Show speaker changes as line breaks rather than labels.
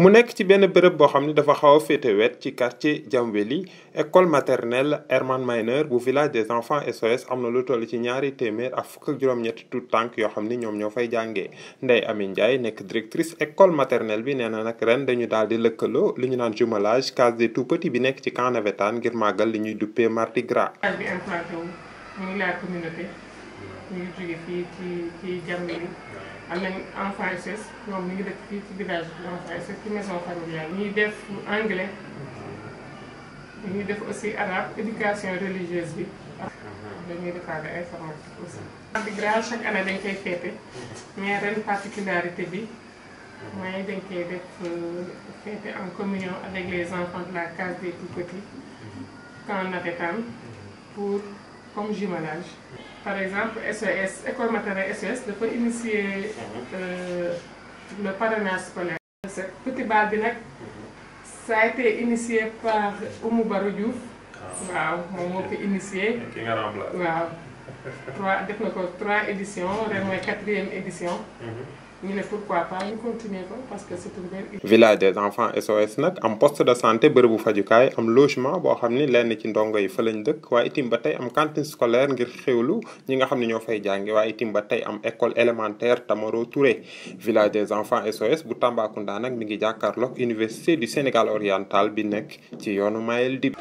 mu nekk ci benn bërëb boo xam ne dafa xaw a féete wet ci quartier Jamweli école maternelle Herman Minor bu village des enfants SOS am na lu toll ci ñaari téeméer ak fukk ak juróom-ñetti yoo xam ni ñoom ñoo fay jàngee Ndeye Amy Ndiaye nekk directrice ecole maternelle bi nee na nag ren dañu daal di lëkkaloo li ñu naan jumelage case des tout petits bi nekk ci camp navétane ngir màggal li ñuy duppee Mardi Gras.
ñu ngi jóge fii ci ci jàmm yi am nañ enfant SS ñoom ñu ngi dëkk fii ci village bi enfant SS ci maison familiale ñuy def anglais ñuy def aussi arabe éducation religieuse bi dañuy defaale ay formation aussi di grand chaque année dañ koy féete mais ren particularité bi mooy dañ koy def euh, féete en communion a les enfants de la case des tout petits quand on avait pour comme jumelage. Par exemple, SES, e École maternelle SES e dafa initier mhm. euh, le parrainage scolaire. cette bi nag mhm. ça a été par Oumou Barou ah. waaw moom moo ko initié. waaw. trois def na ko trois éditions ren mooy quatrième édition. Mhm. village
des enfants SOS nag am poste de santé bërëbu fajukaay am logement boo xam ni lenn ci ndongo yi fa lañ dëkk waaye itim ba tey am cantine scolaire ngir xewlu ñi nga xam ne ñoo fay jàngi waaye itim ba tey am école élémentaire Tamaro Touré. village des enfants SOS bu Tambacounda nag mi ngi jàkkaarloog université du Sénégal oriental bi nekk ci yoonu Mayel Dib.